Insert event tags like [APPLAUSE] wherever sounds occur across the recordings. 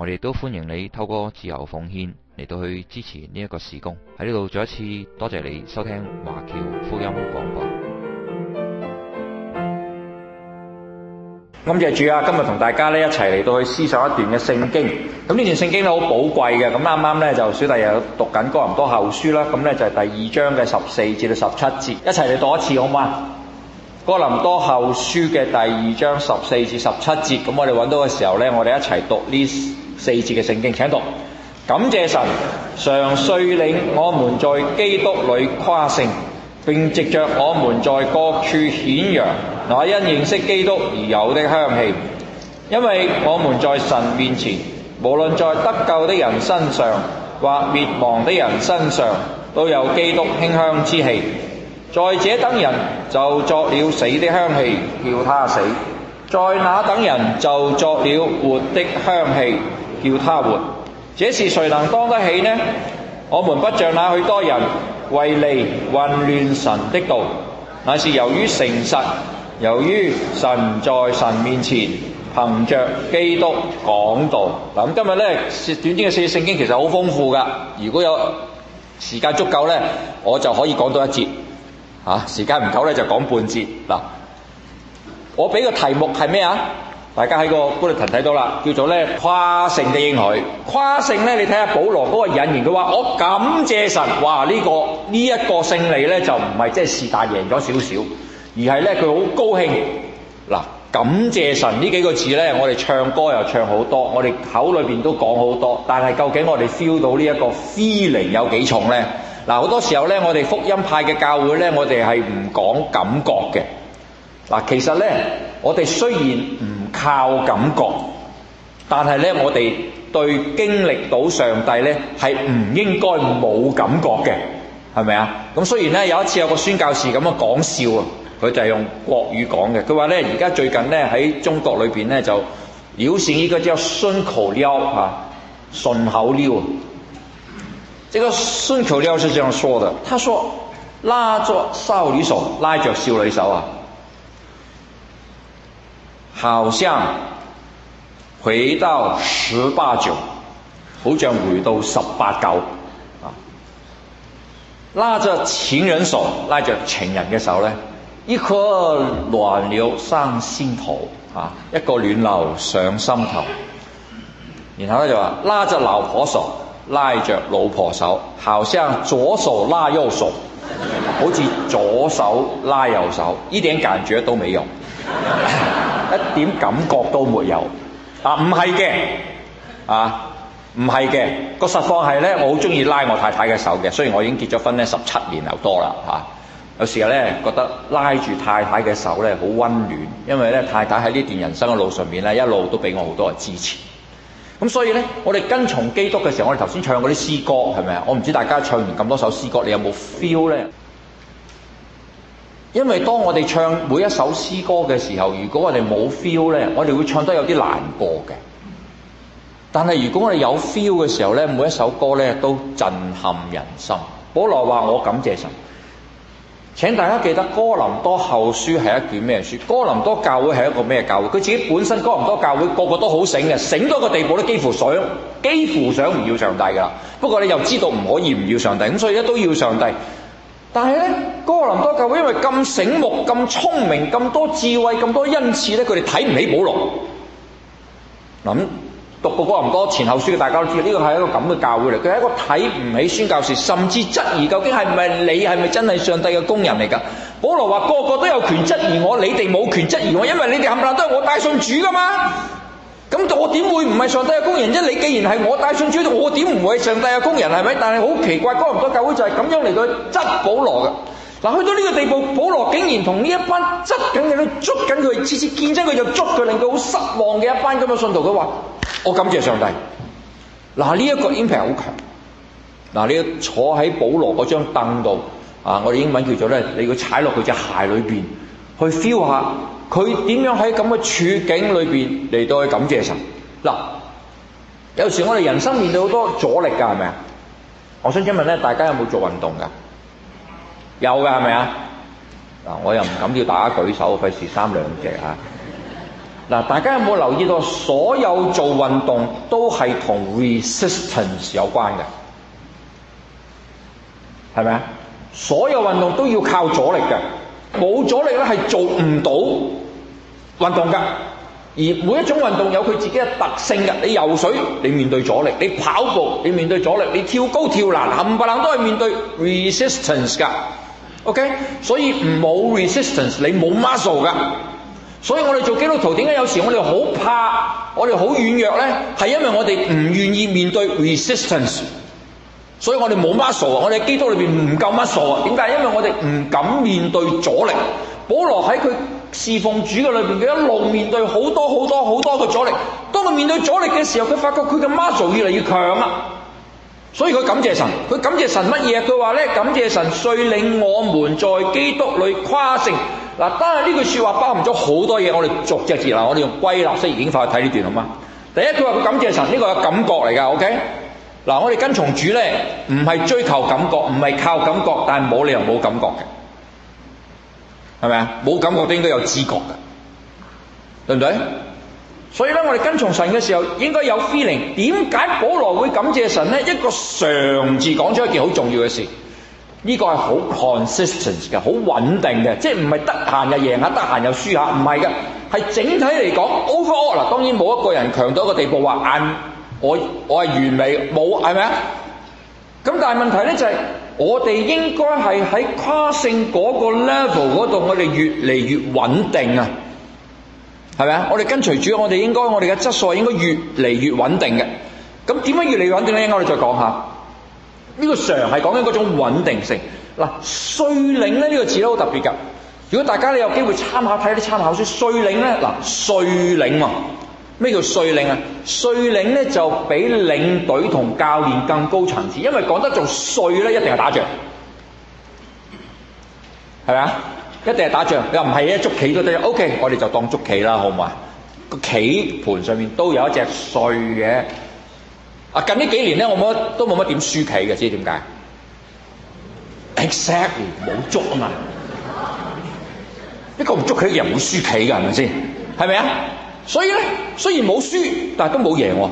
我哋都歡迎你透過自由奉獻嚟到去支持呢一個事工喺呢度。再一次多謝你收聽華僑福音廣播。感謝主啊！今日同大家呢一齊嚟到去思想一段嘅聖經。咁呢段聖經好寶貴嘅。咁啱啱呢，就小弟又讀緊哥林多後書啦。咁呢，就係第二章嘅十四至到十七節，一齊嚟讀一次好嘛？《哥林多後書》嘅第二章十四至十七節。咁我哋揾到嘅時候呢，我哋一齊讀呢。四節嘅聖經，請讀。感謝神，常率領我們在基督裏誇勝，並藉著我們在各處顯揚那因認識基督而有的香氣。因為我們在神面前，無論在得救的人身上或滅亡的人身上，都有基督馨香之氣。在這等人就作了死的香氣，叫他死；在那等人就作了活的香氣。叫他活，這事誰能當得起呢？我們不像那許多人為利混亂神的道，乃是由於誠實，由於神在神面前憑着基督講道。嗱，咁今日呢短啲嘅聖經其實好豐富噶。如果有時間足夠呢，我就可以講到一節。嚇，時間唔夠呢，就講半節。嗱，我俾個題目係咩啊？大家喺個玻璃屏睇到啦，叫做咧誇勝嘅應許。誇勝咧，你睇下保羅嗰個引言，佢話我感謝神。話呢個呢一個勝利咧，就唔係即係是但贏咗少少，而係咧佢好高興。嗱，感謝神呢幾個字咧，我哋唱歌又唱好多，我哋口裏面都講好多。但係究竟我哋 feel 到呢一個 feeling 有幾重咧？嗱，好多時候咧，我哋福音派嘅教會咧，我哋係唔講感覺嘅。嗱，其實咧，我哋雖然唔～靠感覺，但係咧，我哋對經歷到上帝咧係唔應該冇感覺嘅，係咪啊？咁雖然咧有一次有個宣教士咁樣講笑啊，佢就係用國語講嘅，佢話咧而家最近咧喺中國裏面咧就流行呢個叫順口溜啊，順口溜。這個順口溜是這樣說的，他說：拉着少女手，拉着少女手啊！好像回到十八九，好像回到十八九，啊！拉着情人手，拉着情人嘅手咧，一顆暖流上心頭，啊！一個暖流上心頭。然後咧就話，拉着老婆手，拉着老婆手，好像左手拉右手，好似左手拉右手，一點感覺都沒有。 [LAUGHS] 一點感覺都沒有啊！唔係嘅啊，唔係嘅，個實況係呢，我好中意拉我太太嘅手嘅，雖然我已經結咗婚呢，十七年又多啦吓。有時候呢，覺得拉住太太嘅手呢，好溫暖，因為呢，太太喺呢段人生嘅路上面呢，一路都俾我好多嘅支持。咁所以呢，我哋跟從基督嘅時候，我哋頭先唱嗰啲詩歌係咪啊？我唔知大家唱完咁多首詩歌，你有冇 feel 呢？因為當我哋唱每一首詩歌嘅時候，如果我哋冇 feel 呢，我哋會唱得有啲難過嘅。但係如果我哋有 feel 嘅時候呢，每一首歌呢都震撼人心。保羅話：我感謝神。請大家記得哥林多後書係一卷咩書？哥林多教會係一個咩教會？佢自己本身哥林多教會個個都好醒嘅，醒到個地步都幾乎想幾乎想唔要上帝㗎啦。不過你又知道唔可以唔要上帝，咁所以咧都要上帝。但係咧，哥林多教會因為咁醒目、咁聰明、咁多智慧、咁多恩賜，咧，佢哋睇唔起保羅。嗱咁讀過哥林多前後書嘅，大家都知道呢個係一個咁嘅教會嚟，佢係一個睇唔起宣教士，甚至質疑究竟係咪你係咪真係上帝嘅工人嚟噶？保羅話：個個都有權質疑我，你哋冇權質疑我，因為你哋冚唪唥都係我帶信主噶嘛。咁我點會唔係上帝嘅工人啫？你既然係我帶信主，我點唔會係上帝嘅工人係咪？但係好奇怪，哥林多教會就係咁樣嚟到質保羅嘅。嗱，去到呢個地步，保羅竟然同呢一班質緊佢、捉緊佢、次次見真佢就捉佢，令佢好失望嘅一班咁嘅信徒。佢話：我感謝上帝。嗱，呢一個 impact 好強。嗱，你要坐喺保羅嗰張凳度，啊，我哋英文叫做咧，你要踩落佢隻鞋裏邊去 feel 下。佢點樣喺咁嘅處境裏面嚟到去感謝神？嗱，有時我哋人生面對好多阻力㗎，係咪？我想請問大家有冇做運動㗎？有㗎，係咪？我又唔敢叫大家舉手，費事三兩隻。嗱，大家有冇留意到所，所有做運動都係同 resistance 有關嘅，係咪？所有運動都要靠阻力嘅。冇阻力咧，係做唔到運動㗎。而每一種運動有佢自己嘅特性㗎。你游水，你面對阻力；你跑步，你面對阻力；你跳高跳欄，冚唪唥都係面對 resistance 㗎。OK，所以唔冇 resistance，你冇 muscle 㗎。所以我哋做基督徒點解有時我哋好怕，我哋好軟弱咧？係因為我哋唔願意面對 resistance。所以我哋冇 muscle，我哋基督裏面唔夠 muscle。點解？因為我哋唔敢面對阻力。保羅喺佢侍奉主嘅裏面，佢一路面對好多好多好多嘅阻力。當佢面對阻力嘅時候，佢發覺佢嘅 muscle 越嚟越強啊！所以佢感謝神，佢感謝神乜嘢？佢話呢：「感謝神率領我們在基督裏誇勝。嗱，但係呢句說話包含咗好多嘢。我哋逐隻字嗱，我哋用歸納式經境法睇呢段好嘛？第一，句話佢感謝神，呢、這個是感覺嚟㗎。OK。嗱，我哋跟從主咧，唔係追求感覺，唔係靠感覺，但係冇理由冇感覺嘅，係咪啊？冇感覺都應該有知覺嘅，對唔對？所以咧，我哋跟從神嘅時候應該有 feeling。點解保羅會感謝神咧？一個常字講出一件好重要嘅事，呢個係好 consistent 嘅，好穩定嘅，即係唔係得閒就贏下，得閒又輸下，唔係嘅，係整體嚟講 overall。嗱，當然冇一個人強到一個地步話硬。我我係完美冇係咪啊？咁但係問題咧就係、是、我哋應該係喺誇勝嗰個 level 嗰度，我哋越嚟越穩定啊，係咪啊？我哋跟隨住，我哋應該我哋嘅質素應該越嚟越穩定嘅。咁點樣越嚟越穩定咧？我哋再講下。呢、這個常係講緊嗰種穩定性。嗱，率領咧呢個字都好特別㗎。如果大家你有機會參考睇啲參考書，率領咧嗱率領啊。咩叫帥領啊？帥領咧就比領隊同教練更高層次，因為講得做帥咧一定係打仗，係咪啊？一定係打仗。又唔係一捉棋都得。O、OK, K，我哋就當捉棋啦，好唔好啊？個棋盤上面都有一隻帥嘅。啊，近呢幾年咧，我冇乜都冇乜點輸棋嘅，知點解？Exactly，冇捉啊嘛。一個唔捉棋嘅人會輸棋㗎，係咪先？係咪啊？所以咧，雖然冇輸，但係都冇贏喎，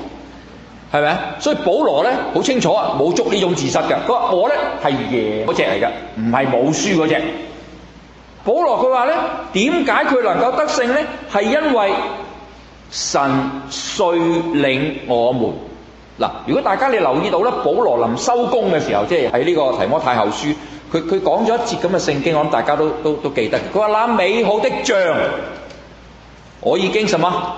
係咪？所以保羅咧好清楚啊，冇捉呢種自殺嘅。佢話我咧係贏嗰隻嚟嘅，唔係冇輸嗰隻。保羅佢話咧，點解佢能夠得勝咧？係因為神率領我們嗱。如果大家你留意到咧，保羅臨收工嘅時候，即係喺呢個提摩太後書，佢佢講咗一節咁嘅聖經，我諗大家都都都記得。佢話嗱，美好的像。我已經什麼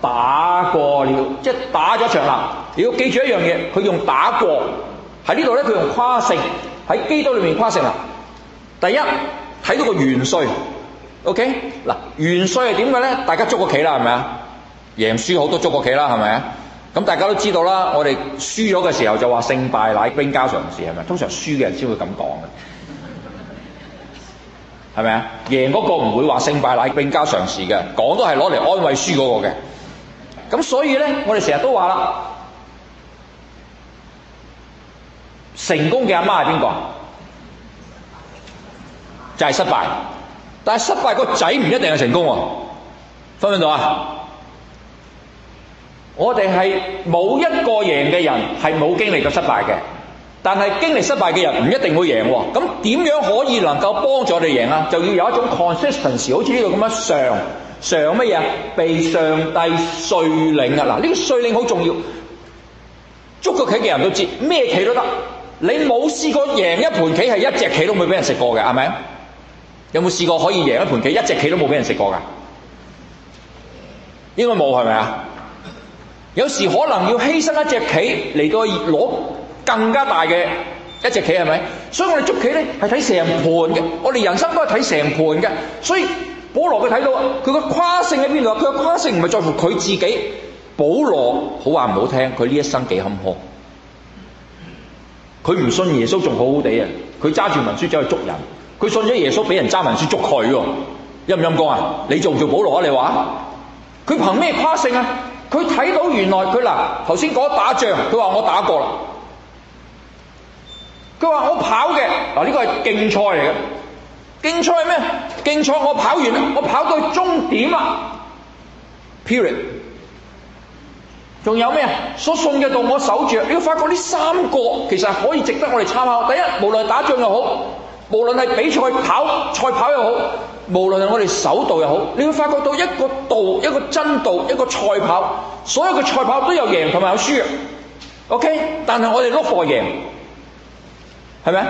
打過了，即係打咗場啦。你要記住一樣嘢，佢用打過喺呢度咧，佢用誇勝喺基督裏面誇勝啦。第一睇到個元帥，OK 嗱，元帥係點嘅咧？大家捉過棋啦，係咪啊？贏輸好多捉過棋啦，係咪啊？咁大家都知道啦，我哋輸咗嘅時候就話勝敗乃兵家常事，係咪啊？通常輸嘅人先會咁講嘅。係咪啊？贏嗰個唔會話勝敗乃兵家常事嘅，講都係攞嚟安慰輸嗰個嘅。咁所以呢，我哋成日都話啦，成功嘅阿媽係邊個？就係失敗。但係失敗個仔唔一定係成功喎。分唔分到啊？我哋係冇一個贏嘅人係冇經歷過失敗嘅。但係經歷失敗嘅人唔一定會贏喎，咁點樣可以能夠幫助我哋贏啊？就要有一種 consistency，好似呢度咁樣上上乜嘢啊？被上帝率領啊！嗱，呢個率領好重要，捉個棋嘅人都知，咩棋都得，你冇試過贏一盤棋係一隻棋都冇俾人食過嘅，係咪啊？有冇試過可以贏一盤棋一隻棋都冇俾人食過噶？應該冇，係咪啊？有時可能要犧牲一隻棋嚟到攞。更加大嘅一隻棋係咪？所以我哋捉棋咧係睇成盤嘅，我哋人生都係睇成盤嘅。所以保羅佢睇到，佢個誇勝喺邊度？佢個誇勝唔係在乎佢自己。保羅好話唔好聽，佢呢一生幾坎坷，佢唔信耶穌仲好好地啊！佢揸住文書走去捉人，佢信咗耶穌俾人揸文書捉佢喎，陰唔陰公啊？你做唔做保羅啊？你話，佢憑咩誇勝啊？佢睇到原來佢嗱頭先嗰打仗，佢話我打過啦。佢話：他說我跑嘅嗱，呢、這個係競賽嚟嘅。競賽係咩？競賽我跑完啦，我跑到終點啊。Period. 仲有咩所、so, 送嘅道我守住。你要發覺呢三個其實可以值得我哋參考。第一，無論打仗又好，無論係比賽跑賽跑又好，無論係我哋守道又好，你要發覺到一個道、一個真道、一個賽跑，所有嘅賽跑都有贏同埋有輸嘅。OK，但係我哋碌過贏。係咪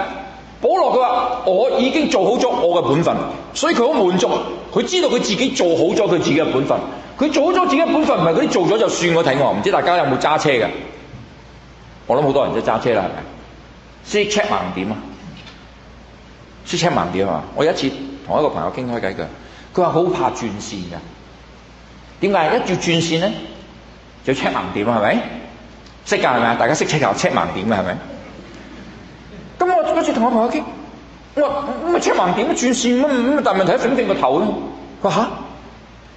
保羅佢話我已經做好咗我嘅本分，所以佢好滿足。佢知道佢自己做好咗佢自己嘅本分。佢做好咗自己嘅本分，唔係佢做咗就算我睇我。唔知大家有冇揸車㗎。我諗好多人都揸車啦，係咪？識 check 盲點啊？識 check 盲點係嘛？我有一次同一個朋友傾開偈句，佢話好怕轉線㗎。點解？一叫轉線咧，就 check 盲點啊？係咪？識噶係咪啊？大家識 check 下 check 盲點嘅係咪？多次同我朋友傾，我唔係 check 盲點，轉線，咁但問題揈唔揈個頭？佢話吓？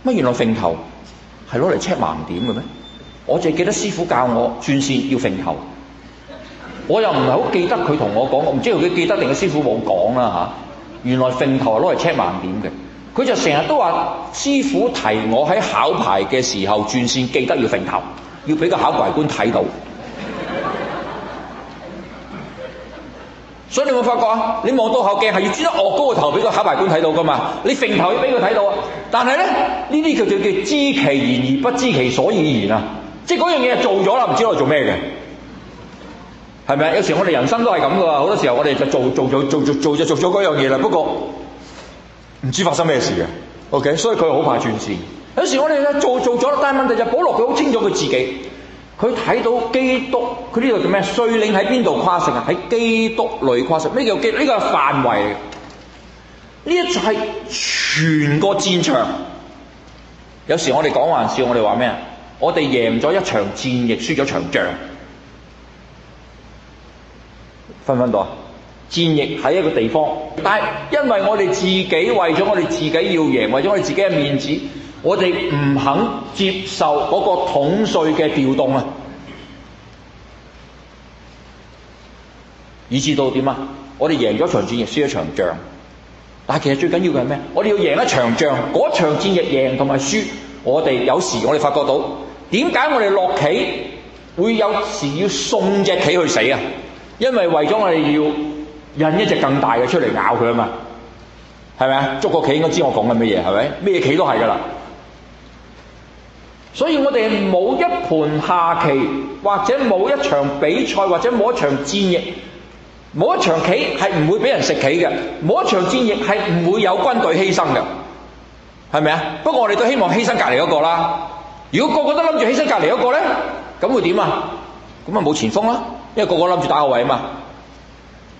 乜、啊、原來揈頭係攞嚟 check 盲點嘅咩？我淨係記得師傅教我轉線要揈頭，我又唔係好記得佢同我講，我唔知道佢記得定係師傅冇講啦，原來揈頭係攞嚟 check 盲點嘅，佢就成日都話師傅提我喺考牌嘅時候轉線記得要揈頭，要俾個考牌官睇到。所以你有冇發覺啊？你望到後鏡係要轉得惡高個頭俾個考牌官睇到㗎嘛？你平頭要俾佢睇到啊！但係呢，呢啲叫做叫知其然而不知其所以然啊！即係嗰樣嘢做咗啦，唔知我做咩嘅，係咪？有時我哋人生都係咁噶，好多時候我哋就做做做做做做就做咗嗰樣嘢啦。不過唔知發生咩事嘅，OK？所以佢好怕轉線。有時我哋做做咗，但係問題就保羅佢好清楚佢自己。佢睇到基督，佢呢度叫咩？率領喺邊度誇勝？喺基督裏誇勝，呢叫基呢，這個是範圍。呢一係全個戰場。有時我哋講玩笑，我哋話咩？我哋贏咗一場戰役，輸咗場仗。分唔分到？戰役喺一個地方，但係因為我哋自己為咗我哋自己要贏，為咗我哋自己嘅面子。我哋唔肯接受嗰個統帥嘅調動啊！以至到點啊？我哋贏咗場戰役，輸咗場仗。但係其實最緊要嘅係咩？我哋要贏一場仗，嗰場戰役贏同埋輸。我哋有時我哋發覺到點解我哋落棋會有時要送隻棋去死啊？因為為咗我哋要引一隻更大嘅出嚟咬佢啊嘛，係咪啊？捉個棋應該知我講緊咩嘢係咪？咩棋都係㗎啦～所以我哋冇一盤下棋，或者冇一場比賽，或者冇一場戰役，冇一場棋係唔會俾人食棋嘅，冇一場戰役係唔會有軍隊犧牲嘅，係咪啊？不過我哋都希望犧牲隔籬嗰個啦。如果個個都諗住犧牲隔籬嗰個咧，咁會點啊？咁啊冇前鋒啦，因為個個諗住打，打後衛啊嘛。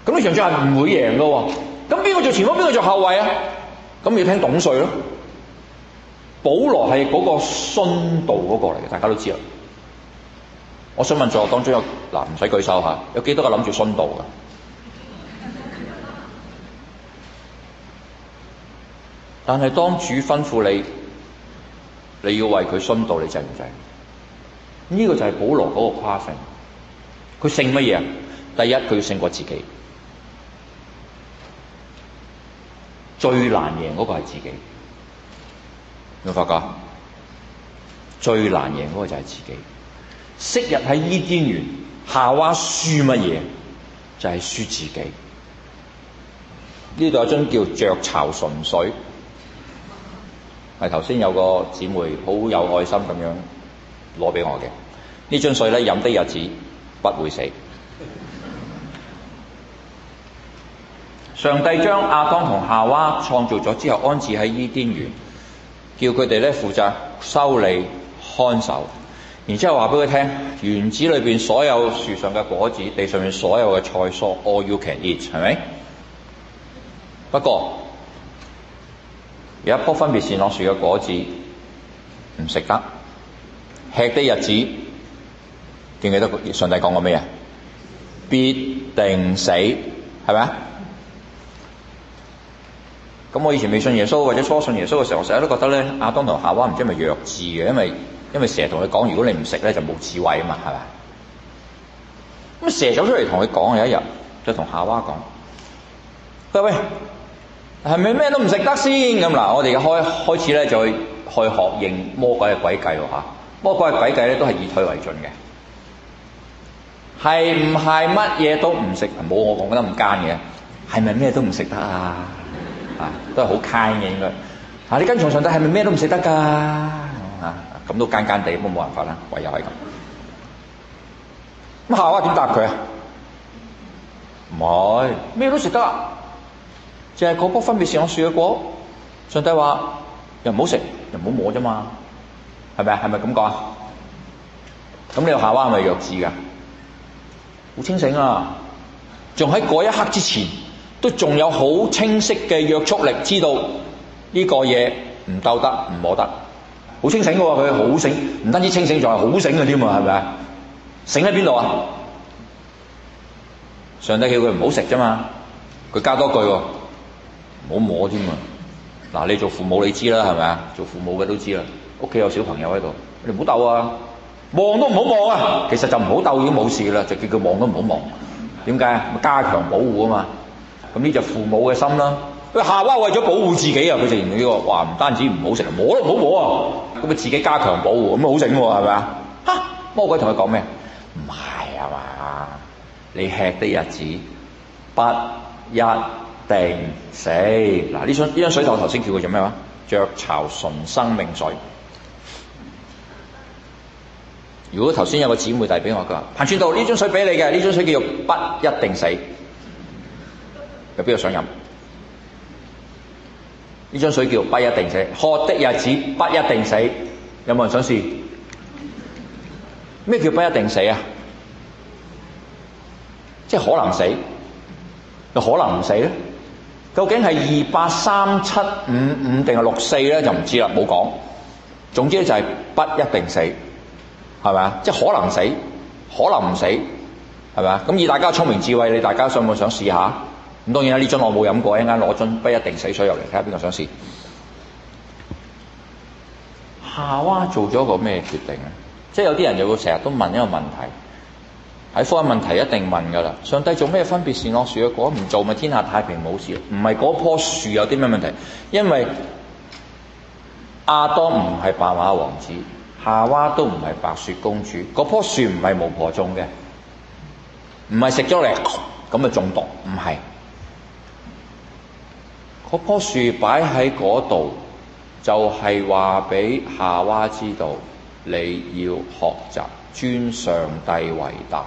咁呢場仗係唔會贏噶喎。咁邊個做前鋒，邊個做後衛啊？咁要聽董事咯。保羅係嗰個殉道嗰個嚟嘅，大家都知啦。我想問在場當中有嗱，唔使舉手吓，有幾多個諗住殉道嘅？但係當主吩咐你，你要為佢殉道，你制唔制？呢個就係保羅嗰個誇勝。佢勝乜嘢？第一，佢要勝過自己。最難贏嗰個係自己。你有冇發覺最難贏嗰個就係自己。昔日喺伊甸園，夏娃輸乜嘢就係輸自己。呢度有樽叫雀巢純水，係頭先有個姐妹好有愛心咁樣攞俾我嘅呢樽水呢，飲嘅日子不會死。上帝將亞當同夏娃創造咗之後，安置喺伊甸園。叫佢哋咧負責修理看守，然之後話俾佢聽，園子裏面所有樹上嘅果子，地上面所有嘅菜蔬，all you can eat，係咪？不過有一棵分別善惡樹嘅果子唔食得，吃的日子記唔記得上帝講過咩啊？必定死係咪？是吧咁我以前未信耶穌或者初信耶穌嘅時候，成日都覺得咧，阿當同夏娃唔知係咪弱智嘅，因為因為成日同佢講，「如果你唔食咧就冇智慧啊嘛，係咪？」咁蛇走出嚟同佢講有一日，就同夏娃講：「各位係咪咩都唔食得先？」咁嗱，我哋開開始咧就去學認魔鬼嘅鬼計喎。魔鬼嘅鬼計咧都係以退為進嘅，係唔係乜嘢都唔食？冇我講得咁奸嘅，係咪咩都唔食得啊？都係好慳嘅應該、啊、你跟從上帝係咪咩都唔食得噶？咁都間間地，咁、啊、冇辦法啦，唯有係咁。咁夏娃點答佢啊？唔係咩都食得，淨係嗰棵分別善惡樹嘅果。上帝話又唔好食，又唔好，好摸啫嘛，係咪係係咪咁講啊？咁你個夏娃係咪弱智噶？好清醒啊！仲喺嗰一刻之前。都仲有好清晰嘅約束力，知道呢個嘢唔鬥得，唔摸得，好清醒嘅喎。佢好醒，唔單止清醒，仲係好醒嘅添啊！係咪啊？醒喺邊度啊？上帝叫佢唔好食啫嘛，佢加多句喎，唔好摸添啊！嗱，你做父母你知啦，係咪啊？做父母嘅都知啦，屋企有小朋友喺度，你唔好鬥啊，望都唔好望啊。其實就唔好鬥已經冇事啦，就叫佢望都唔好望。點解啊？加強保護啊嘛。咁呢就父母嘅心啦。佢夏娃為咗保護自己啊，佢就呢個話唔單止唔好食，摸都唔好摸啊。咁佢自己加強保護，咁啊好整喎，係咪啊？哈！魔鬼同佢講咩？唔係啊嘛，你吃的日子不一定死。嗱，呢張呢張水頭頭先叫佢做咩話？雀巢純生命水。如果頭先有個姊妹遞俾我，佢話彭傳道呢張水俾你嘅，呢張水叫做不一定死。有邊個想飲？呢張水叫不一定死，喝的日子不一定死。有冇人想試？咩叫不一定死啊？即係可能死，又可能唔死咧。究竟係二八三七五五定係六四咧？就唔知啦，冇講。總之咧就係不一定死，係咪啊？即係可能死，可能唔死，係咪啊？咁以大家聰明智慧，你大家想唔想試一下？咁當然啦，呢樽我冇飲過，一陣間攞樽不一定死水入嚟，睇下邊個想試。夏娃做咗個咩決定呢？即係有啲人就會成日都問一個問題，喺科學問題一定問噶啦。上帝做咩分別善惡樹嘅果？唔、那個、做咪天下太平冇事？唔係嗰棵樹有啲咩問題？因為亞當唔係白馬王子，夏娃都唔係白雪公主，嗰棵樹唔係巫婆種嘅，唔係食咗嚟咁咪中毒，唔係。嗰棵樹擺喺嗰度，就係話俾夏娃知道，你要學習尊上帝為大，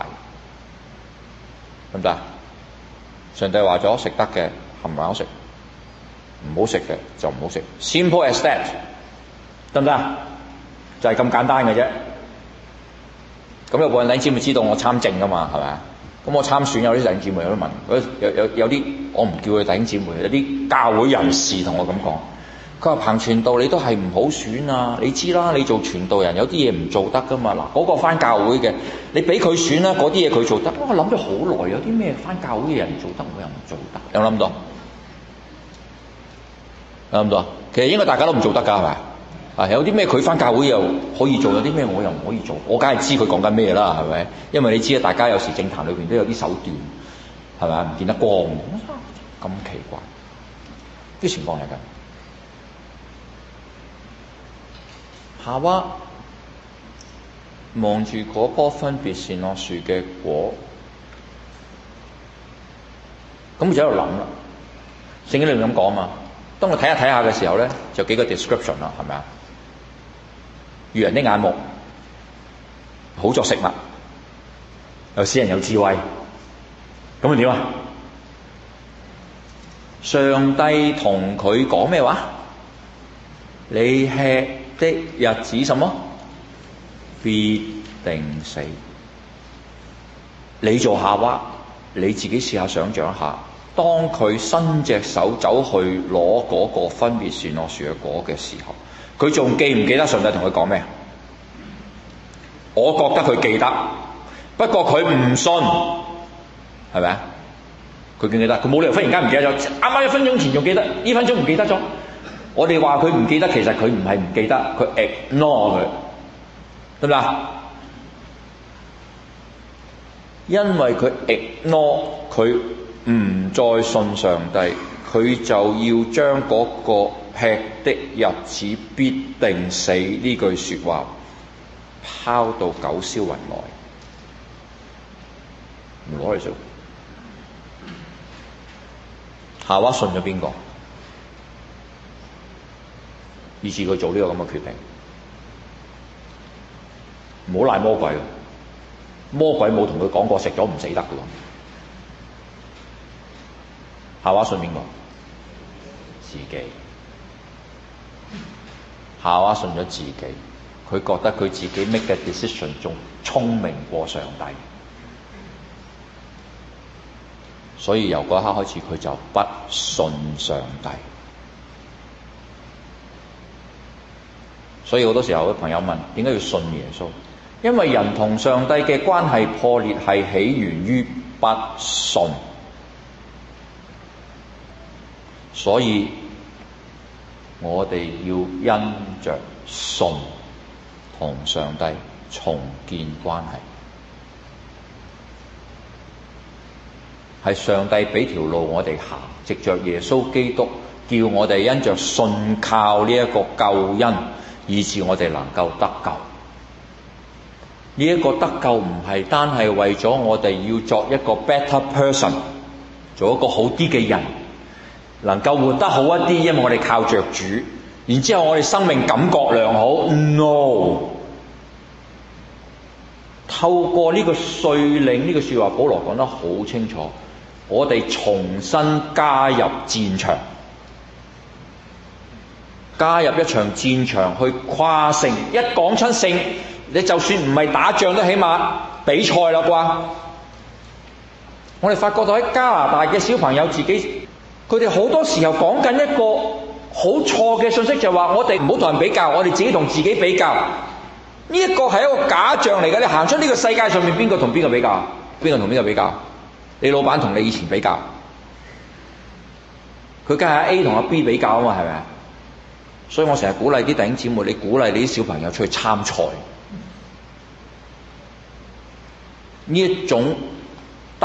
得唔得啊？上帝話咗：食得嘅冚唪唥食，唔好食嘅就唔好食。Simple as that，得唔得？就係咁簡單嘅啫。咁有冇人你知唔知道我參政噶嘛？係咪？咁我參選有啲弟兄姊妹有啲問，有有有啲我唔叫佢弟兄姊妹，有啲教會人士同我咁講，佢話彭傳道你都係唔好選啊！你知啦，你做傳道人有啲嘢唔做得噶嘛，嗱，嗰、嗰個返教會嘅，你俾佢選啦，嗰啲嘢佢做得。我諗咗好耐，有啲咩返教會嘅人做得我又唔做得？有冇諗到？有冇諗到？其實應該大家都唔做得㗎，係咪？啊！有啲咩佢翻教會又可以做，有啲咩我又唔可以做，我梗係知佢講緊咩啦，係咪？因為你知啦，大家有時政壇裏面都有啲手段，係咪啊？唔見得光，咁奇怪，啲情況係咁。夏娃望住嗰棵分別善惡樹嘅果，咁佢就喺度諗啦。聖經裏面咁講嘛，當我睇下睇下嘅時候咧，就幾個 description 啦，係咪啊？愚人的眼目好作食物，又使人有智慧，咁又點啊？上帝同佢講咩話？你吃的日子什麼？必定死。你做夏娃，你自己試下想象一下，當佢伸隻手走去攞嗰個分別善惡樹嘅果嘅時候。佢仲記唔記得上帝同佢講咩？我覺得佢記得，不過佢唔信，係咪啊？佢記記得，佢冇理由忽然間唔記得咗。啱啱一分鐘前仲記得，呢分鐘唔記得咗。我哋話佢唔記得，其實佢唔係唔記得，佢 ignore 佢，得唔得啊？因為佢 ignore 佢，唔再信上帝。佢就要將嗰、那個吃的日子必定死呢句説話拋到九霄雲外，唔攞嚟食。夏娃信咗邊個，以致佢做呢個咁嘅決定。唔好賴魔鬼喇，魔鬼冇同佢講過食咗唔死得嘅喎。夏娃信邊個？自己夏娃信咗自己，佢覺得佢自己 make 嘅 decision 仲聰明過上帝，所以由嗰一刻開始佢就不信上帝。所以好多時候，有啲朋友問，點解要信耶穌？因為人同上帝嘅關係破裂係起源於不信，所以。我哋要因着信同上帝重建關係，係上帝畀條路我哋行，藉着耶穌基督，叫我哋因着信靠呢一個救恩，以致我哋能夠得救。呢一個得救唔係單係為咗我哋要作一個 better person，做一個好啲嘅人。能夠活得好一啲，因為我哋靠着主。然之後我哋生命感覺良好。No，透過呢個率領呢個說話，保羅講得好清楚。我哋重新加入戰場，加入一場戰場去誇勝。一講出勝，你就算唔係打仗都起碼比賽喇啩。我哋發覺到喺加拿大嘅小朋友自己。佢哋好多時候講緊一個好錯嘅信息，就係話我哋唔好同人比較，我哋自己同自己比較。呢一個係一個假象嚟嘅。你行出呢個世界上面，邊個同邊個比較？邊個同邊個比較？你老闆同你以前比較，佢梗係 A 同阿 B 比較啊嘛，係咪啊？所以我成日鼓勵啲弟兄姊妹，你鼓勵你啲小朋友出去參賽，呢一種。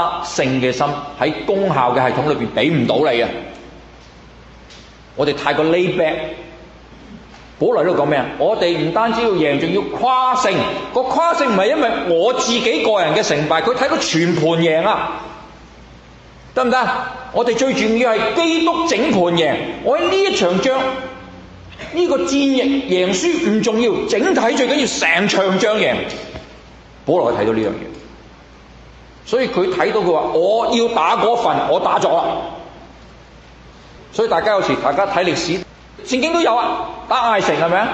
得勝嘅心喺功效嘅系統裏邊俾唔到你嘅，我哋太過 laid back。保羅都講咩啊？我哋唔單止要贏，仲要誇勝。個誇勝唔係因為我自己個人嘅成敗，佢睇到全盤贏啊，得唔得？我哋最重要係基督整盤贏。我喺呢一場仗，呢、這個戰役贏輸唔重要，整體最緊要成場仗贏。保羅睇到呢樣嘢。所以佢睇到佢話：我要打嗰份，我打咗啦。所以大家有時大家睇歷史，聖經都有啊，打艾城係咪啊？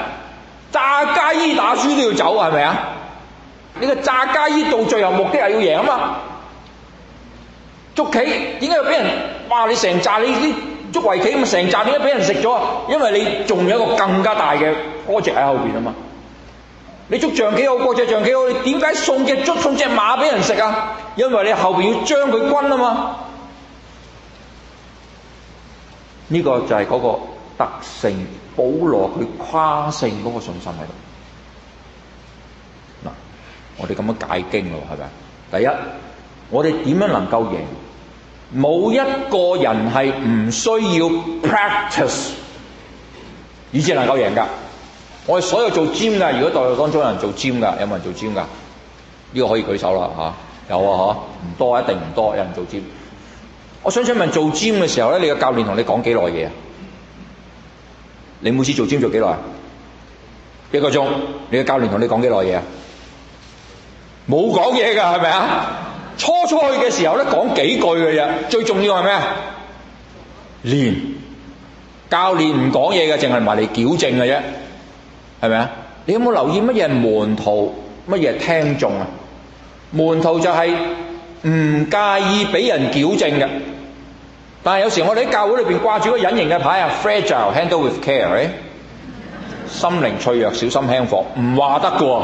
詐假意打輸都要走係咪啊？呢個詐假意到最後目的係要贏啊嘛。捉棋點解要俾人？哇！你成扎呢捉圍棋咁成扎點解俾人食咗啊？因為你仲有一個更加大嘅波折喺後面啊嘛。你捉象棋好過捉象棋好，你點解送隻卒送隻馬俾別人食啊？因為你後面要將佢軍啊嘛。呢、這個就係嗰個得勝，保羅佢誇勝嗰個信心喺度。我哋咁樣解經喎，係咪？第一，我哋點樣能夠贏？冇一個人係唔需要 practice，以至能夠贏㗎。我哋所有做 gym 㗎，如果在座當中有人做 gym 㗎，有，沒有人做 gym 㗎？呢、這個可以舉手啦、啊、有啊嗬，唔、啊、多一定唔多，有人做 gym。我想請問，做 gym 嘅時候咧，你嘅教練同你講幾耐嘢？你每次做 gym 做多久幾耐？一個鐘，你嘅教練同你講幾耐嘢？冇講嘢㗎，係咪啊？初初去嘅時候呢，講幾句嘅嘢，最重要係咩啊？練，教練唔講嘢嘅，淨係埋嚟矯正嘅啫。係咪啊？你有冇留意乜嘢係門徒，乜嘢係聽眾啊？門徒就係唔介意俾人矯正嘅，但係有時我哋喺教會裏邊掛住個隱形嘅牌啊，fragile handle with care，係，心靈脆弱，小心輕放，唔話得嘅喎，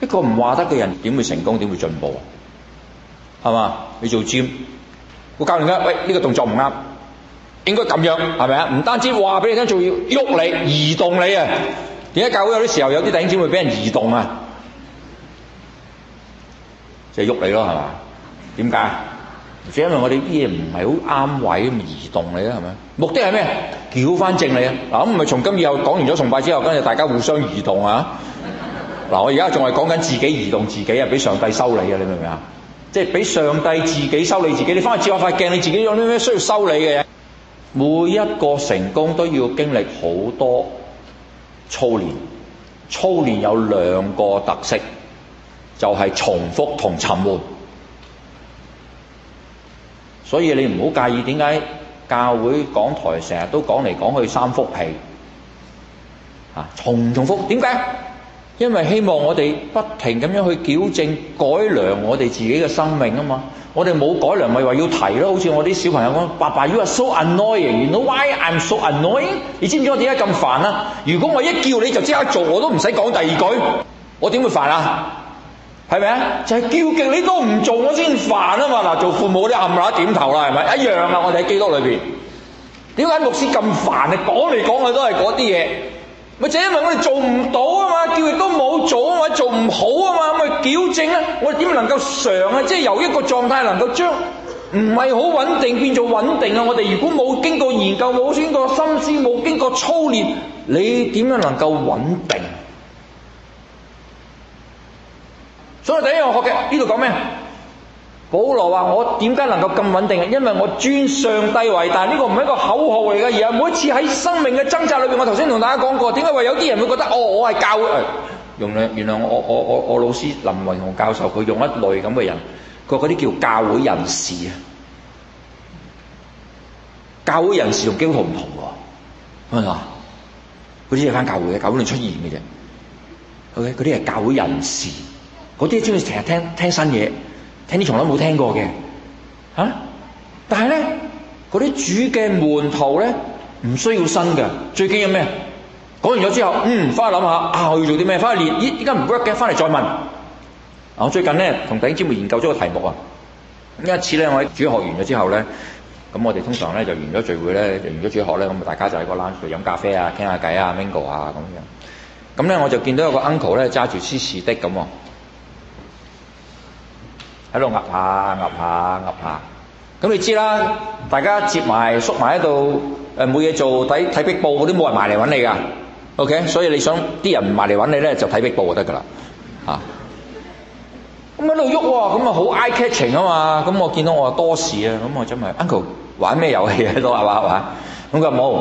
一個唔話得嘅人點會成功？點會進步？係嘛？你做 gym，個教練咧，喂，呢個動作唔啱。應該咁樣，係咪啊？唔單止話俾你聽，仲要喐你、移動你啊！點解教會有啲時候有啲弟兄姊妹俾人移動啊？就係喐你咯，係嘛？點解？只係因為我哋啲嘢唔係好啱位，咁移動你啦，係咪？目的係咩？叫翻正你啊！嗱，咁咪從今以後講完咗崇拜之後，跟住大家互相移動啊！嗱， [LAUGHS] 我而家仲係講緊自己移動自己啊，俾上帝修理啊，你明唔明啊？即係俾上帝自己修理自己，你翻去照下塊鏡，你自己有啲咩需要修理嘅嘢？每一個成功都要經歷好多操練，操練有兩個特色，就係重複同沉悶。所以你唔好介意點解教會講台成日都講嚟講去三幅被，啊重唔重複？點解？因為希望我哋不停咁樣去矯正、改良我哋自己嘅生命啊嘛！我哋冇改良，咪話要提咯。好似我啲小朋友講，爸爸，you are so annoying。原來 why I'm so annoying？你知唔知我點解咁煩啊？如果我一叫你就即刻做，我都唔使講第二句，我點會煩啊？係咪啊？就係叫極你都唔做，我先煩啊嘛！嗱，做父母都冚下點頭啦，係咪一樣啊？我哋喺基督裏邊，點解牧師咁煩啊？講嚟講去都係嗰啲嘢。我就因為我哋做唔到啊嘛，叫佢都冇做啊嘛，做唔好啊嘛，咁咪矯正咧。我哋點能夠常啊？即係由一個狀態能夠將唔係好穩定變做穩定啊！我哋如果冇經過研究，冇經過心思，冇經過操練，你點樣能夠穩定？所以第一樣我學嘅呢度講咩？保羅話：我點解能夠咁穩定？因為我，我尊上帝為大，呢個唔係一個口號嚟噶，而係每一次喺生命嘅掙扎裏邊。我頭先同大家講過，點解話有啲人會覺得哦，我係教會。原來原我我我我老師林榮雄教授，佢用一類咁嘅人，佢話嗰啲叫教會人士啊。教會人士同基督徒唔同喎，係嘛？嗰啲係翻教會嘅，教會出現嘅啫。OK，嗰啲係教會人士，嗰啲中意成日聽聽新嘢。聽啲從來冇聽過嘅嚇、啊，但係咧，嗰啲主嘅門徒咧，唔需要新嘅，最驚嘅咩？講完咗之後，嗯，翻去諗下，啊，我要做啲咩？翻去練，咦，點解唔 work 嘅？翻嚟再問。啊，我最近咧同啲弟兄姊妹研究咗個題目啊。呢一次咧，我喺主學完咗之後咧，咁我哋通常咧就完咗聚會咧，完咗主學咧，咁啊大家就喺個 lunch 度飲咖啡啊，傾下偈啊，Mingo 啊咁樣。咁咧我就見到有個 uncle 咧揸住芝士的咁喎。喺度噏下噏下噏下，咁你知啦。大家接埋縮埋喺度，誒冇嘢做睇睇壁報嗰啲冇人埋嚟搵你噶。OK，所以你想啲人唔埋嚟搵你咧，就睇壁報就得㗎啦。嚇咁喺度喐喎，咁啊好 eye catching 啊嘛。咁我見到我啊多事啊，咁我就問 uncle 玩咩遊戲喺度係嘛係嘛？咁佢話冇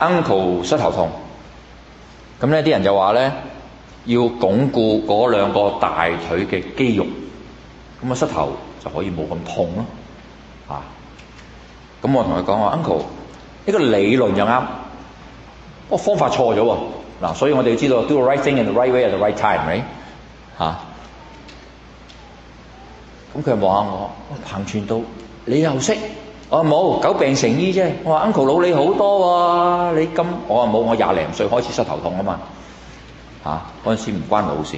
uncle 膝頭痛，咁咧啲人就話咧要鞏固嗰兩個大腿嘅肌肉。咁啊，膝頭就可以冇咁痛咯，咁、啊、我同佢講話，uncle，呢個理論又啱，我、哦、方法錯咗喎。嗱、啊，所以我哋要知道 do the right thing in the right way at the right time，係、right、咪？咁佢望下我，我行串到你又識？我話冇，久病成醫啫。我話 uncle 老你好多喎、啊，你今我話冇，我廿零歲開始膝頭痛啊嘛，嗰、啊、陣時唔關老事。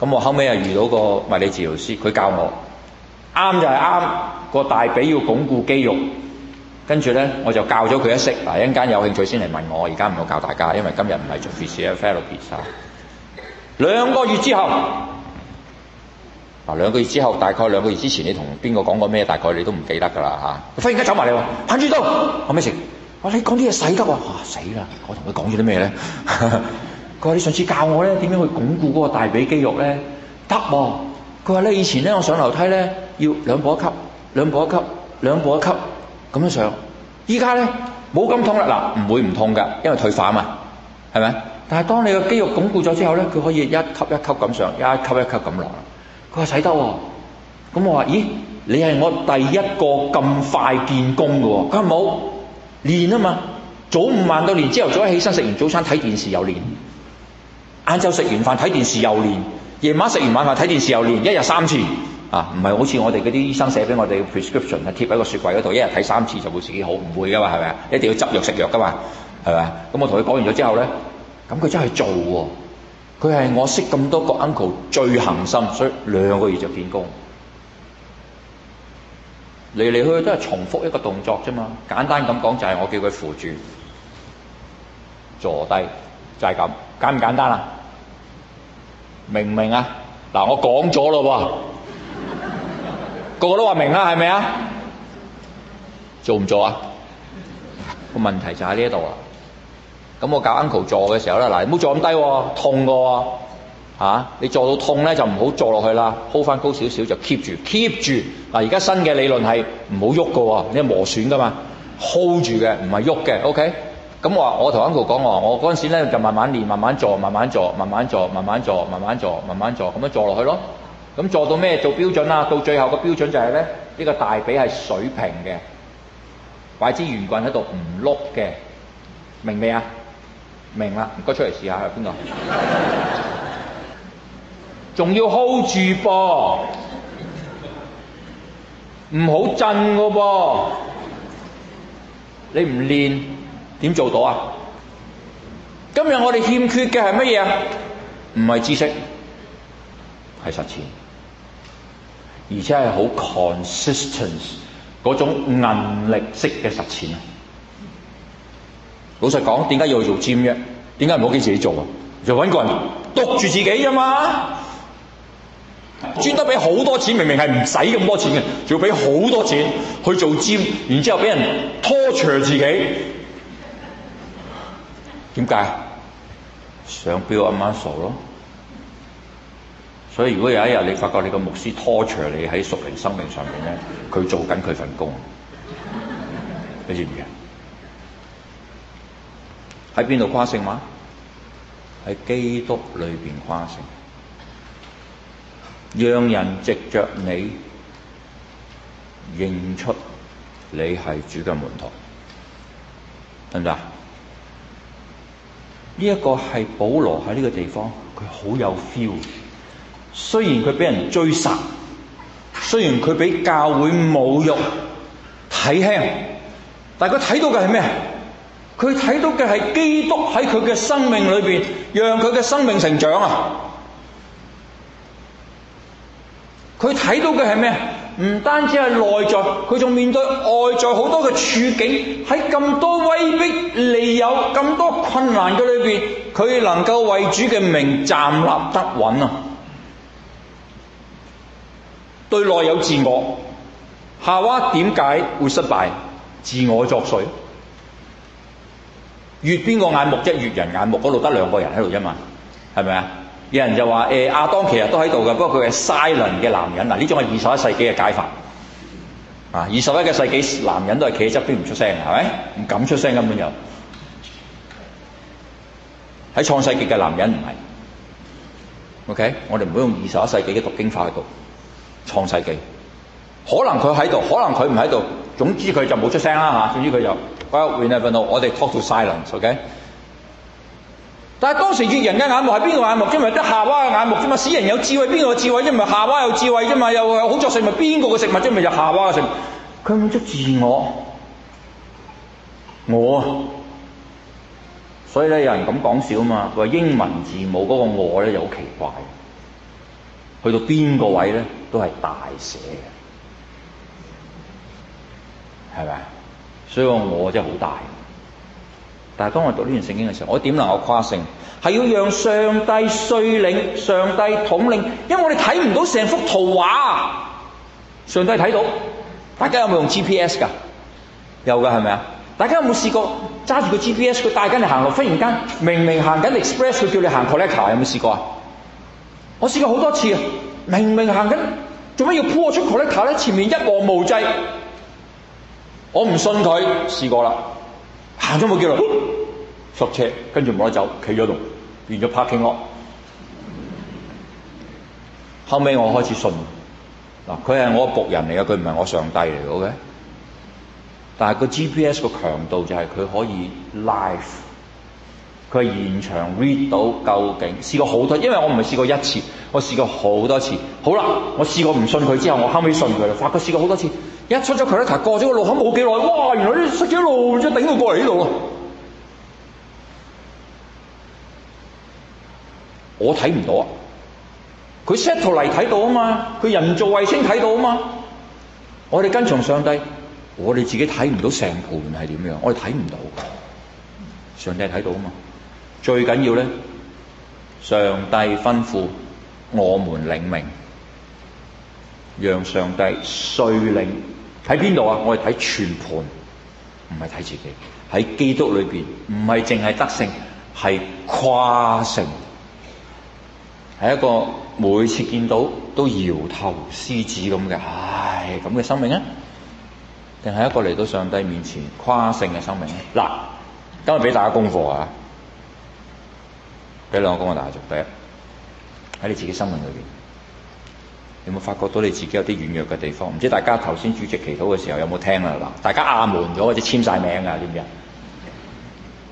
咁我後尾又遇到個物理治療師，佢教我。啱就係啱，個大髀要鞏固肌肉，跟住咧我就教咗佢一識，嗱一陣間有興趣先嚟問我，而家唔好教大家，因為今日唔係做 face a fell o w s i [MUSIC] s 兩個月之後，嗱兩個月之後，大概兩個月之前，你同邊個講過咩？大概你， [MUSIC] 你都唔記得噶啦嚇。忽然間走埋嚟話，彭傳道，我咩食。我你講啲嘢使得喎，嚇死啦！我同佢講咗啲咩咧？佢話你上次教我咧點樣去鞏固嗰個大髀肌肉咧，得喎、啊。佢話咧以前咧我上樓梯咧。要兩步一級，兩步一級，兩步一級咁樣上。依家呢，冇咁痛啦，嗱唔會唔痛噶，因為退化嘛，係咪？但係當你個肌肉鞏固咗之後呢，佢可以一級一級咁上，一級一級咁落。佢話使得喎，咁、嗯、我話咦，你係我第一個咁快見功㗎喎。佢話冇練啊嘛，早午晚都練，朝頭早起身食完早餐睇電視又練，晏晝食完飯睇電視又練，夜晚食完晚飯睇電視又練，一日三次。啊，唔係好似我哋嗰啲醫生寫俾我哋 prescription 啊，貼喺個雪櫃嗰度，一日睇三次就會自己好，唔會噶嘛，係咪啊？一定要執藥食藥噶嘛，係咪啊？咁我同佢講完咗之後咧，咁佢真係做喎、哦。佢係我識咁多個 uncle 最恒心，所以兩個月就見功。嚟嚟去去都係重複一個動作啫嘛，簡單咁講就係我叫佢扶住坐低，就係、是、咁，簡唔簡單啊？明唔明啊？嗱，我講咗咯喎。個個都話明啦，係咪啊？做唔做啊？個問題就喺呢一度啊！咁我教 Uncle 坐嘅時候咧，嗱，唔好坐咁低喎，痛㗎喎嚇！你坐到痛咧，就唔好坐落去啦，hold 翻高少少就 keep 住，keep 住嗱。而家新嘅理論係唔好喐㗎喎，你係你磨損噶嘛，hold 住嘅，唔係喐嘅。OK，咁我我同 Uncle 講我我嗰陣時咧就慢慢練，慢慢坐，慢慢坐，慢慢坐，慢慢坐，慢慢坐，慢慢坐，咁樣坐落去咯。咁做到咩？做標準啦、啊！到最後個標準就係咧，呢、呢個大髀係水平嘅，拐支圓棍喺度唔碌嘅，明未啊？明啦！唔該，出嚟試下，邊個？仲 [LAUGHS] 要 hold 住噃、啊，唔好震個噃、啊。你唔練點做到啊？今日我哋欠缺嘅係乜嘢啊？唔係知識，係實踐。而且係好 consistent 嗰種韌力式嘅實踐。老實講，點解要去做 gym 嘅？點解唔可以自己做就搵個人督住自己啫嘛！專登畀好多錢，明明係唔使咁多錢嘅，仲要畀好多錢去做 gym，然之後畀人拖長自己。點解？想表阿媽傻囉。所以，如果有一日你發覺你個牧師拖住你喺屬靈生命上面咧，佢做緊佢份工，你知唔知道？喺邊度誇勝嗎？喺基督裏邊誇勝，讓人藉着你認出你係主嘅門徒，得唔得？呢、這、一個係保羅喺呢個地方，佢好有 feel。雖然佢俾人追殺，雖然佢俾教會侮辱、睇輕，但他佢睇到嘅係咩？佢睇到嘅係基督喺佢嘅生命裏面，讓佢嘅生命成長啊！佢睇到嘅係咩？唔單止係內在，佢仲面對外在好多嘅處境，喺咁多威逼利誘、咁多困難嘅裏面，佢能夠為主嘅名站立得穩啊！對內有自我，夏娃點解會失敗？自我作祟。越邊個眼目，即越人眼目嗰度得兩個人喺度啫嘛，係咪啊？有人就話，誒、呃、亞當其實都喺度嘅，不過佢係 silent 嘅男人。嗱，呢種係二十一世紀嘅解法。啊，二十一個世紀男人都係企喺側邊唔出聲，係咪？唔敢出聲根本就喺創世紀嘅男人唔係。OK，我哋唔好用二十一世紀嘅讀經法去讀。創世記，可能佢喺度，可能佢唔喺度，總之佢就冇出聲啦吓。總之佢就，we never know 我哋 talk to silence，ok、okay。但係當時悅人嘅眼目係邊個眼目？因為得夏娃嘅眼目啫嘛。使人有智慧，邊個智慧啫嘛？夏娃有智慧啫嘛。又好作食物咪邊個嘅食物啫嘛？就夏娃嘅食物，佢有冇出自我？我。所以咧，有人咁講笑啊嘛。話英文字母嗰、那個我咧就好奇怪。去到邊個位咧，都係大寫嘅，係咪啊？所以我，我真係好大。但係當我讀呢段聖經嘅時候，我點能夠誇勝？係要讓上帝率領、上帝統領，因為我哋睇唔到成幅圖畫。上帝睇到，大家有冇用 GPS 㗎？有㗎係咪啊？大家有冇試過揸住個 GPS，佢帶緊你行路，忽然間明明行緊 Express，佢叫你行 Collector，有冇試過啊？我試過好多次，明明行緊，做乜要撲我出殼呢？跑咧，前面一望無際，我唔信佢，試過啦，行咗冇幾耐，呃、塞車，跟住冇得走，企咗度，變咗 parking lot。後尾我開始信，嗱，佢係我僕人嚟嘅，佢唔係我上帝嚟嘅，但係個 GPS 嘅強度就係佢可以 live 佢現場 read 到究竟，試過好多，因為我唔係試過一次，我試過好多次。好啦，我試過唔信佢之後，我後尾信佢啦。發覺試過好多次，一出咗佢一查過咗個路口冇幾耐，哇！原來啲塞咗路即係頂到過嚟呢度啊！我睇唔到啊！佢 set 頭嚟睇到啊嘛，佢人造衛星睇到啊嘛。我哋跟從上帝，我哋自己睇唔到成盤係點樣，我哋睇唔到。上帝睇到啊嘛。最緊要咧，上帝吩咐我們領命，讓上帝率領喺邊度啊？我哋睇全盤，唔係睇自己喺基督裏面，唔係淨係得勝，係誇勝。係一個每次見到都搖頭獅子咁嘅、唉，咁嘅生命啊？定係一個嚟到上帝面前誇勝嘅生命咧、啊？嗱，今日俾大家功課啊！俾兩個講下大俗，第一喺你自己心靈裏邊，你有冇發覺到你自己有啲軟弱嘅地方？唔知大家頭先主席祈禱嘅時候有冇聽啊？係嘛？大家亞門咗或者簽晒名啊？點樣？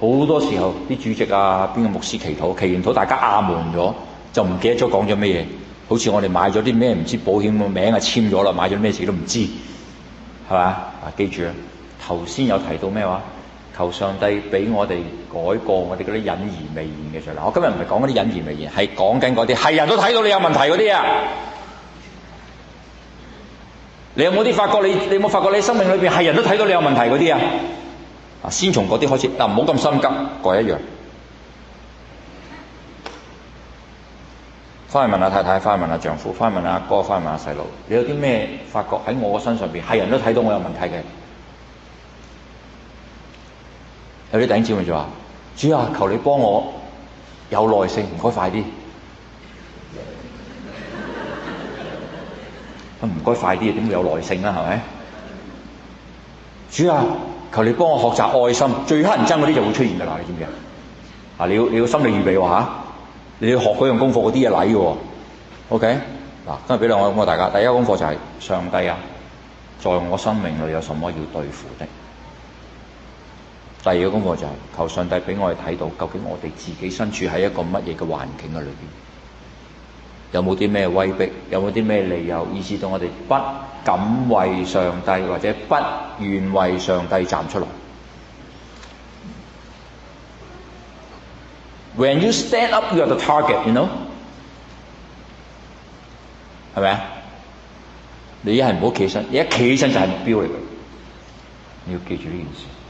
好多時候啲主席啊，邊個牧師祈禱，祈完禱大家亞門咗，就唔記得咗講咗咩嘢？好似我哋買咗啲咩唔知保險個名啊，簽咗啦，買咗咩事都唔知，係嘛？啊，記住啊，頭先有提到咩話？求上帝俾我哋改過我哋嗰啲隱而未現嘅罪孽。我今日唔係講嗰啲隱而未現，係講緊嗰啲係人都睇到你有問題嗰啲啊！你有冇啲發覺？你你有冇發覺？你生命裏面係人都睇到你有問題嗰啲啊？啊！先從嗰啲開始。嗱，唔好咁心急，改一樣。翻去問下太太，翻去問下丈夫，翻去問下阿哥，哥，翻去問下細路，你有啲咩發覺喺我身上面，係人都睇到我有問題嘅。有啲頂尖咪就話：主啊，求你幫我有耐性，唔該快啲。唔該快啲啊，點會有耐性啊？係咪？主啊，求你幫我學習愛心。最乞人憎嗰啲就會出現㗎喇，你知唔知啊？你要你要心理預備喎、啊、你要學嗰樣功課嗰啲嘢嚟嘅喎。OK，嗱，今日俾兩個功課大家。第一功課就係：上帝啊，在我生命裏有什麼要對付的？第二個功課就係求上帝俾我哋睇到，究竟我哋自己身處喺一個乜嘢嘅環境嘅裏邊，有冇啲咩威逼，有冇啲咩理由，以致到我哋不敢為上帝或者不願為上帝站出來。When you stand up, you are the target, you know？係咪啊？你一係唔好企身，你一企身就係目標嚟嘅。你要記住呢件事。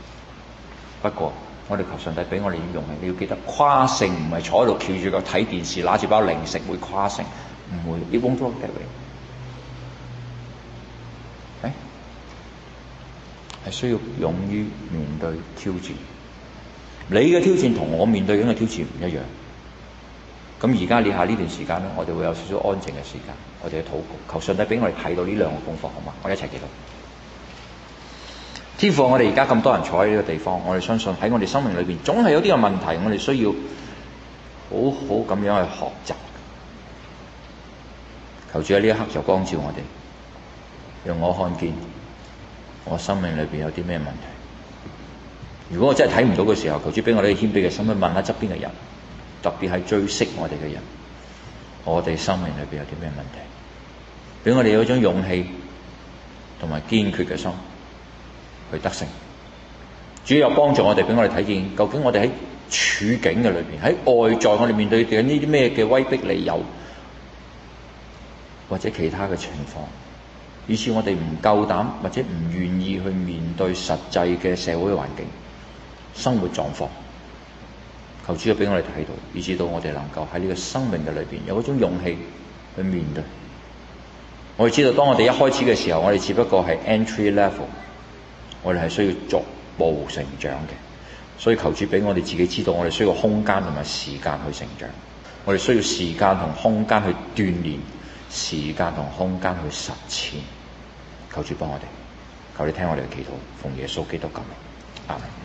不過我哋求上帝俾我哋要用嘅，你要記得誇勝唔係坐喺度翹住嚿，睇電視拿住包零食會誇勝，唔會啲汪多嘅嚟。誒，係需要勇於面對挑戰。你嘅挑戰同我面對緊嘅挑戰唔一樣。咁而家你下呢段時間咧，我哋會有少少安靜嘅時間，我哋去禱告，求上帝俾我哋睇到呢兩個功課，好嘛？我一齊記到。天父，我哋而家咁多人坐喺呢個地方，我哋相信喺我哋生命裏邊，總係有啲個問題，我哋需要好好咁樣去學習。求主喺呢一刻就光照我哋，讓我看見我生命裏邊有啲咩問題？如果我真係睇唔到嘅時候，求主俾我哋謙卑嘅心去問下側邊嘅人，特別係最識我哋嘅人，我哋生命裏邊有啲咩問題，俾我哋有一種勇氣同埋堅決嘅心。佢得勝主要有幫助我哋，俾我哋睇見究竟我哋喺處境嘅裏邊，喺外在我哋面對嘅呢啲咩嘅威逼、理由或者其他嘅情況，以致我哋唔夠膽或者唔願意去面對實際嘅社會環境生活狀況。求主要俾我哋睇到，以致到我哋能夠喺呢個生命嘅裏邊有一種勇氣去面對。我哋知道，當我哋一開始嘅時候，我哋只不過係 entry level。我哋係需要逐步成長嘅，所以求主俾我哋自己知道，我哋需要空間同埋時間去成長。我哋需要時間同空間去鍛鍊，時間同空間去實踐。求主幫我哋，求你聽我哋嘅祈禱，奉耶穌基督名，阿門。